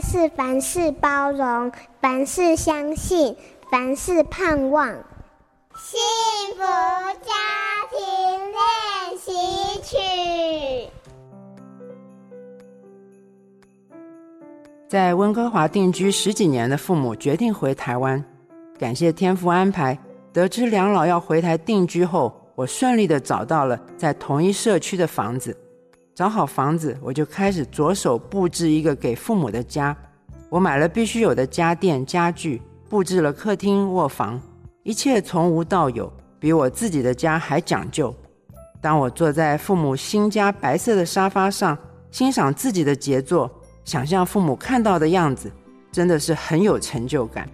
是凡事包容，凡事相信，凡事盼望。幸福家庭練習曲。在溫哥華定居十幾年的父母決定回台灣。感謝天父安排，得知兩老要回台定居後，我順利的找到了在同一社區的房子。找好房子，我就開始着手布置一個給父母的家。我買了必須有的家電、家具，布置了客廳、臥房，一切從無到有，比我自己的家還講究。當我坐在父母新家白色的沙發上，欣賞自己的傑作，想象父母看到的樣子，真的是很有成就感。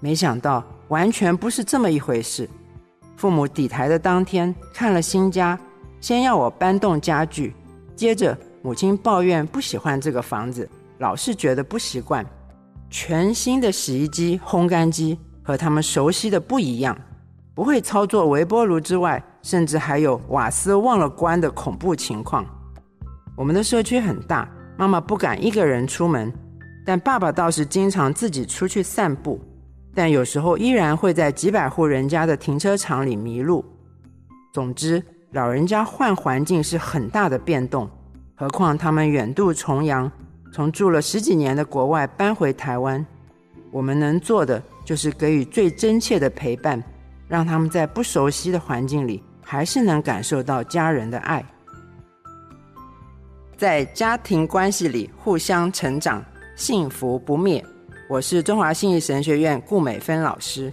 沒想到，完全不是這麼一回事。父母抵台的當天，看了新家，先要我搬動家具。接着，母親抱怨不喜歡這個房子，老是覺得不習慣。全新的洗衣機、烘乾機和他們熟悉的不一樣，不會操作微波爐之外，甚至還有瓦斯忘了關的恐怖情況。我們的社區很大，媽媽不敢一個人出門，但爸爸倒是經常自己出去散步，但有時候依然會在幾百戶人家的停車場裡迷路。總之，老人家換環境是很大的變動，何況他們遠渡重洋，從住了十幾年的國外搬回台灣，我們能做的就是給予最真切的陪伴，讓他們在不熟悉的環境裡還是能感受到家人的愛，在家庭關係裡互相成長，幸福不滅。我是中華信義神學院顧美芬老師。